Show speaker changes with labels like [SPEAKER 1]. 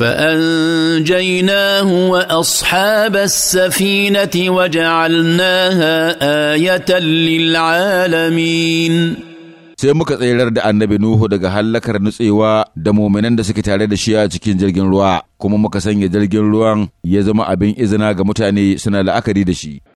[SPEAKER 1] فانجيناه واصحاب السفينه
[SPEAKER 2] وجعلناها ايه للعالمين sai muka tsirar da annabi Nuhu daga hallakar nutsewa da muminan da suke tare da shi a cikin jirgin ruwa, kuma muka sanya jirgin ruwan ya zama abin izina ga mutane suna la'akari da shi.